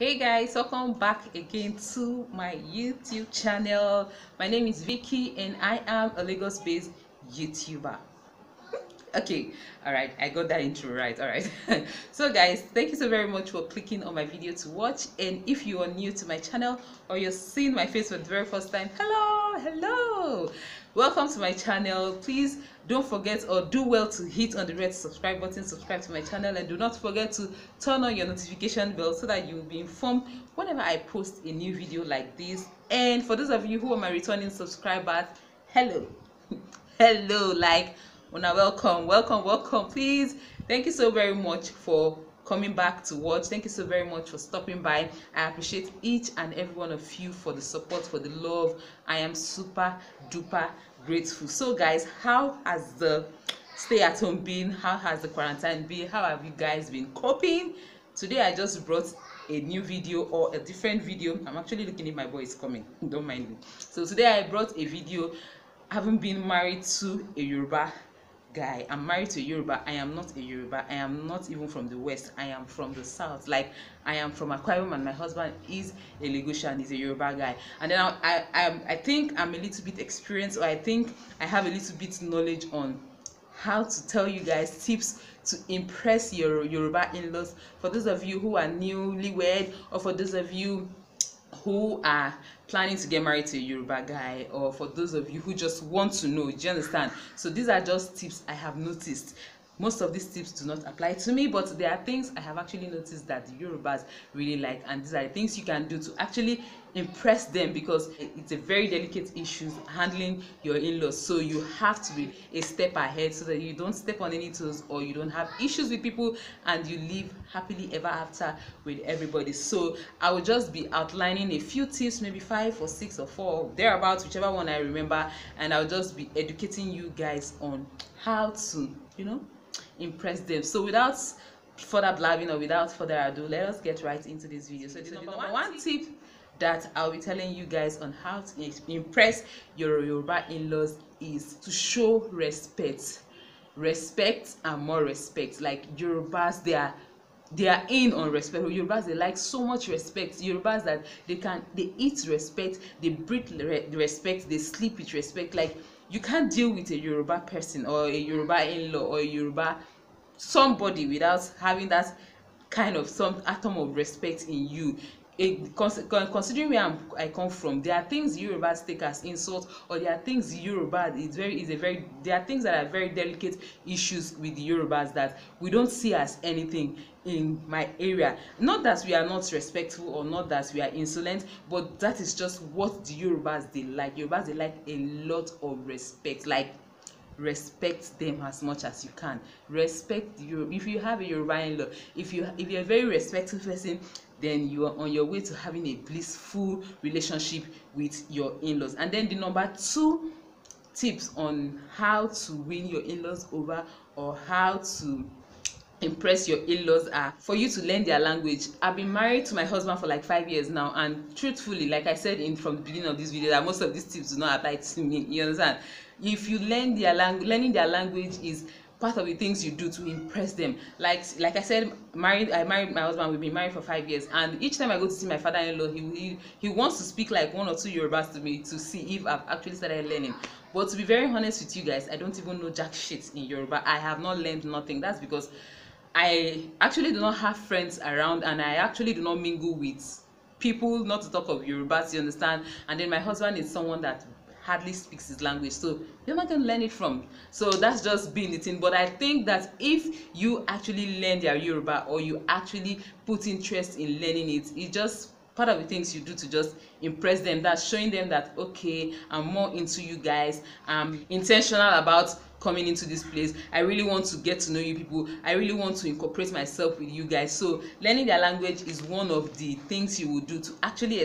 hey guys welcome back again to my youtube channel my name is vicky and i am a lagos based youtuber okay all right i got that intro right all right so guys thank you so very much for clicking on my video to watch and if you are new to my channel or you're seeing my face for the very first time hello hello welcome to my channel please don't forget or do well to hit on the red subscribe button subscribe to my channel and do not forget to turn on your notification bell so that you will be informed whenever i post a new video like this and for those of you who are my returning subscribers hello hello like una welcome welcome welcome please thank you so very much for coming back to watch thank you so very much for stopping by i appreciate each and every one of you for the support for the love i am super duper grateful so guys how has the stay at home been how has the quarantine been how have you guys been coping today i just brought a new video or a different video i'm actually looking if my boy is coming don't mind me so today i brought a video having been married to a yoruba guy. I'm married to Yoruba. I am not a Yoruba. I am not even from the West. I am from the South. Like, I am from Aquarium and my husband is a Legosian. He's a Yoruba guy. And then I, I, I, I think I'm a little bit experienced or I think I have a little bit knowledge on how to tell you guys tips to impress your Yoruba in-laws. For those of you who are newlywed or for those of you who are planning to get married to a Yoruba guy or for those of you who just want to know, do you understand? So these are just tips I have noticed most of these tips do not apply to me but there are things i have actually noticed that the yorubas really like and these are the things you can do to actually impress them because it's a very delicate issue handling your in-laws so you have to be a step ahead so that you don't step on any toes or you don't have issues with people and you live happily ever after with everybody so i will just be outlining a few tips maybe five or six or four thereabouts whichever one i remember and i'll just be educating you guys on how to you know impress them so without further blabbing or without further ado let us get right into this video so the, so number, the number, one, tip, tip that I'll be telling you guys on how to impress your Yoruba in-laws is to show respect. Respect and more respect. Like Yorubas, they are they are in on respect. Yorubas they like so much respect. Yorubas that they can they eat respect, they breathe respect, they sleep with respect. Like you can't deal with a yoruba person or a yoruba in-law or a yoruba somebody without having that kind of some atom of respect in you considering where I'm, I come from, there are things Yorubas take as insult, or there are things Yoruba is very is a very there are things that are very delicate issues with the Yorubas that we don't see as anything in my area. Not that we are not respectful or not that we are insolent, but that is just what the Yorubas they like. Yorubas they like a lot of respect, like respect them as much as you can respect you if you have a yoruba in-law if you if you're a very respectful person then you are on your way to having a blissful relationship with your in-laws and then the number two tips on how to win your in-laws over or how to impress your in-laws are for you to learn their language i've been married to my husband for like five years now and truthfully like i said in from the beginning of this video that most of these tips do not apply to me you understand if you learn their language learning their language is part of the things you do to impress them like like i said married i married my husband we've been married for five years and each time i go to see my father-in-law he he, he wants to speak like one or two Yoruba to me to see if i've actually started learning but to be very honest with you guys i don't even know jack shit in yoruba i have not learned nothing that's because i actually do not have friends around and i actually do not mingle with people not to talk of Yoruba, you understand and then my husband is someone that hardly speaks his language so you're not going to learn it from so that's just being the thing but i think that if you actually learn their yoruba or you actually put interest in learning it it's just part of the things you do to just impress them That showing them that okay i'm more into you guys i'm intentional about coming into this place i really want to get to know you people i really want to incorporate myself with you guys so learning their language is one of the things you will do to actually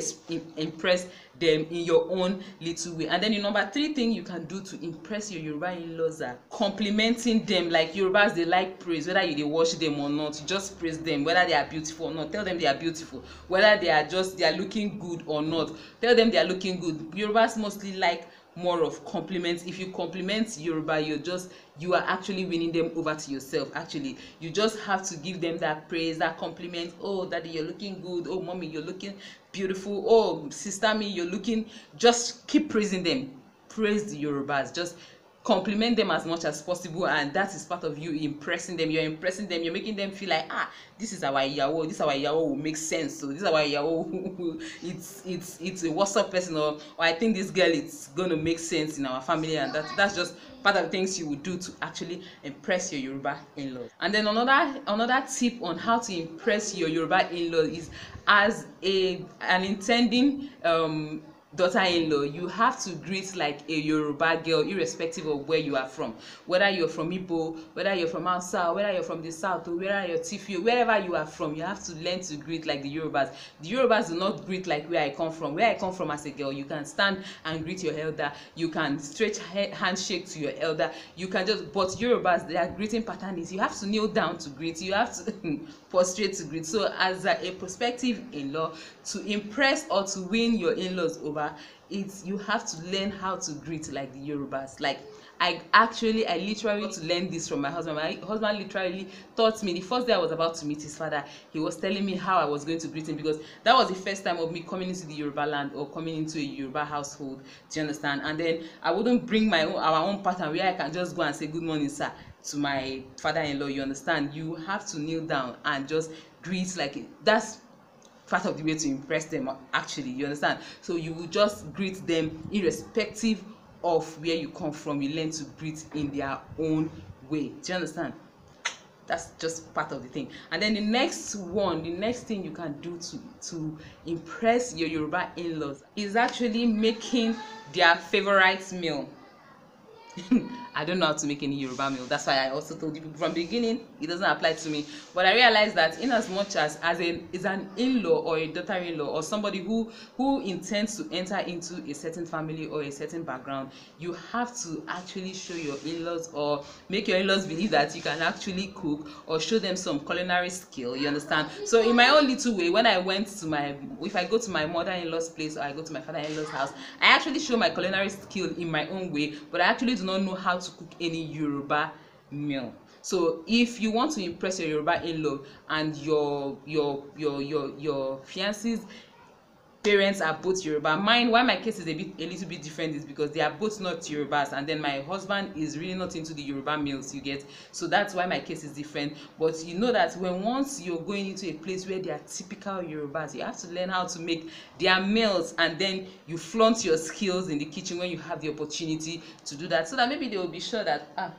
impress them in your own little way and then the number three thing you can do to impress your yoruba in-laws are complimenting them like yorubas dey like praise whether you dey watch them or not just praise them whether they are beautiful or not tell them they are beautiful whether they are just they are looking good or not tell them they are looking good yorubas mostly like more of compliments if you compliment yoruba you're just you are actually winning them over to yourself actually you just have to give them that praise that compliment oh daddy you're looking good oh mommy you're looking beautiful oh sister me you're looking just keep praising them praise the yorubas just compliment them as much as possible and that is part of you impressing them you're impressing them you're making them feel like ah this is our yawo this our yawo will make sense so this is our yawo it's it's it's a WhatsApp person or, or i think this girl it's gonna make sense in our family and that that's just part of the things you would do to actually impress your yoruba in law and then another another tip on how to impress your yoruba in law is as a an intending um daughter-in-law you have to greet like a yoruba girl irrespective of where you are from whether you're from igbo whether you're from hausa whether you're from the south or where are your tifio wherever you are from you have to learn to greet like the yorubas the yorubas do not greet like where i come from where i come from as a girl you can stand and greet your elder you can stretch handshake to your elder you can just but yorubas their greeting pattern is you have to kneel down to greet you have to prostrate to greet so as a prospective in-law to impress or to win your in-laws over whatever it's you have to learn how to greet like the yorubas like i actually i literally to learn this from my husband my husband literally taught me the first day i was about to meet his father he was telling me how i was going to greet him because that was the first time of me coming into the yoruba land or coming into a yoruba household do you understand and then i wouldn't bring my own our own pattern where i can just go and say good morning sir to my father-in-law you understand you have to kneel down and just greet like that's part of the way to impress them actually you understand so you will just greet them irrespective of where you come from you learn to greet in their own way do you understand that's just part of the thing and then the next one the next thing you can do to to impress your yoruba in-laws is actually making their favorite meal I don't know how to make any Yoruba meal. That's why I also told you from the beginning it doesn't apply to me. But I realized that in as much as as a is an in-law or a daughter-in-law or somebody who who intends to enter into a certain family or a certain background, you have to actually show your in-laws or make your in-laws believe that you can actually cook or show them some culinary skill. You understand? So in my own little way, when I went to my if I go to my mother-in-law's place or I go to my father-in-law's house, I actually show my culinary skill in my own way, but I actually do not know how to cook any Yoruba meal so if you want to impress your Yoruba in-law and your your your your your fiancees parents are both Yoruba. Mine, why my case is a bit a little bit different is because they are both not Yorubas, and then my husband is really not into the Yoruba meals you get. So that's why my case is different. But you know that when once you're going into a place where they are typical Yorubas, you have to learn how to make their meals, and then you flaunt your skills in the kitchen when you have the opportunity to do that, so that maybe they will be sure that ah,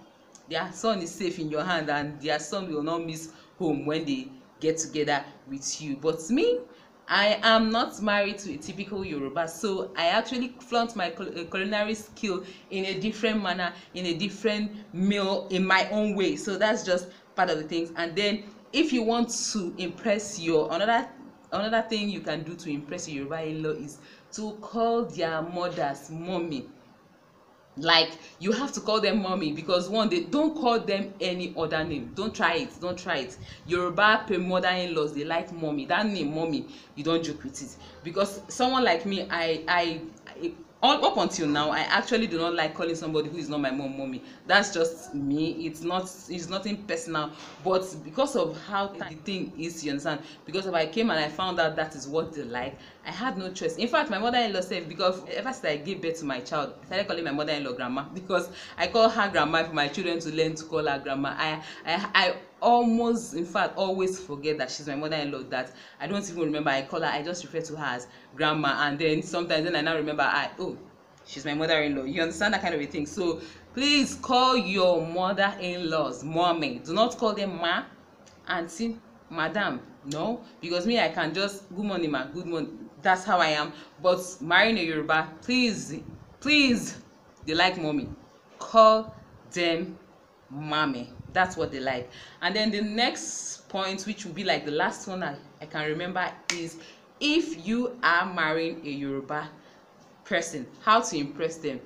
their son is safe in your hand, and their son will not miss home when they get together with you. But me, I am not married to a typical Yoruba, so I actually flaunt my uh, culinary skill in a different manner, in a different meal, in my own way. So that's just part of the things. And then if you want to impress your another another thing you can do to impress your Yoruba in-law is to call their mothers mommy like you have to call them mommy because one they don't call them any other name don't try it don't try it yoruba pe mother-in-laws they like mommy that name mommy you don't joke with it because someone like me i i, I all up until now i actually do not like calling somebody who is not my mom mommy that's just me it's not it's nothing personal but because of how the thing is you understand because if i came and i found out that is what they like i had no choice in fact my mother-in-law sef because ever since i gave birth to my child i started calling my mother-in-law grandma because i call her grandma for my children to learn to call her grandma i i i almost in fact always forget that she's my mother-in-law that i don't even remember i call her i just refer to her as grandma and then sometimes then i now remember i oh she's my mother-in-law you understand that kind of a thing so please call your mother-in-laws mommy do not call them ma auntie madam no because me i can just good morning ma good morning that's how i am but marrying a yoruba please please they like mommy call them mommy that's what they like and then the next point which will be like the last one i, I can remember is if you are marrying a yoruba person how to impress them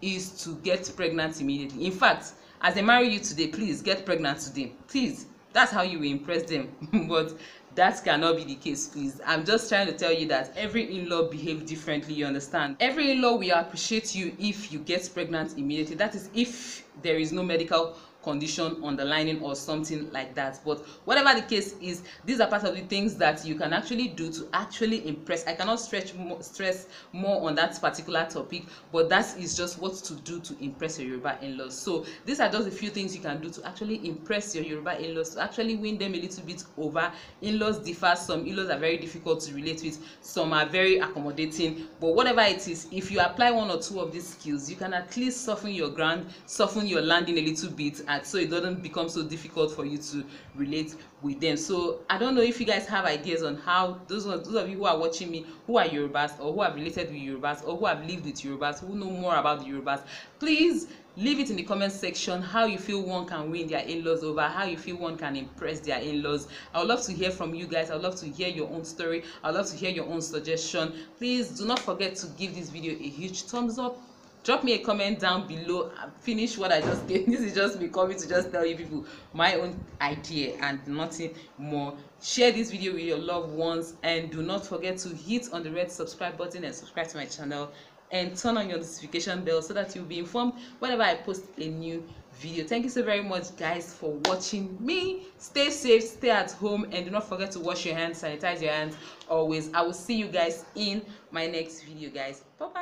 is to get pregnant immediately in fact as they marry you today please get pregnant today please that's how you will impress them but that cannot be the case please i'm just trying to tell you that every in-law behave differently you understand every in-law will appreciate you if you get pregnant immediately that is if there is no medical condition underlining or something like that but whatever the case is these are part of the things that you can actually do to actually impress i cannot stretch more, stress more on that particular topic but that is just what to do to impress your yoruba in-laws so these are just a few things you can do to actually impress your yoruba in-laws to actually win them a little bit over in-laws differ some in-laws are very difficult to relate with some are very accommodating but whatever it is if you apply one or two of these skills you can at least soften your ground soften your landing a little bit at so it doesn't become so difficult for you to relate with them so i don't know if you guys have ideas on how those ones those of you who are watching me who are yorubas or who have related with yorubas or who have lived with yorubas who know more about the yorubas please leave it in the comment section how you feel one can win their in-laws over how you feel one can impress their in-laws i would love to hear from you guys i would love to hear your own story i would love to hear your own suggestion please do not forget to give this video a huge thumbs up drop me a comment down below finish what i just gave this is just me coming to just tell you people my own idea and nothing more share this video with your loved ones and do not forget to hit on the red subscribe button and subscribe to my channel and turn on your notification bell so that you'll be informed whenever i post a new video thank you so very much guys for watching me stay safe stay at home and do not forget to wash your hands sanitize your hands always i will see you guys in my next video guys bye bye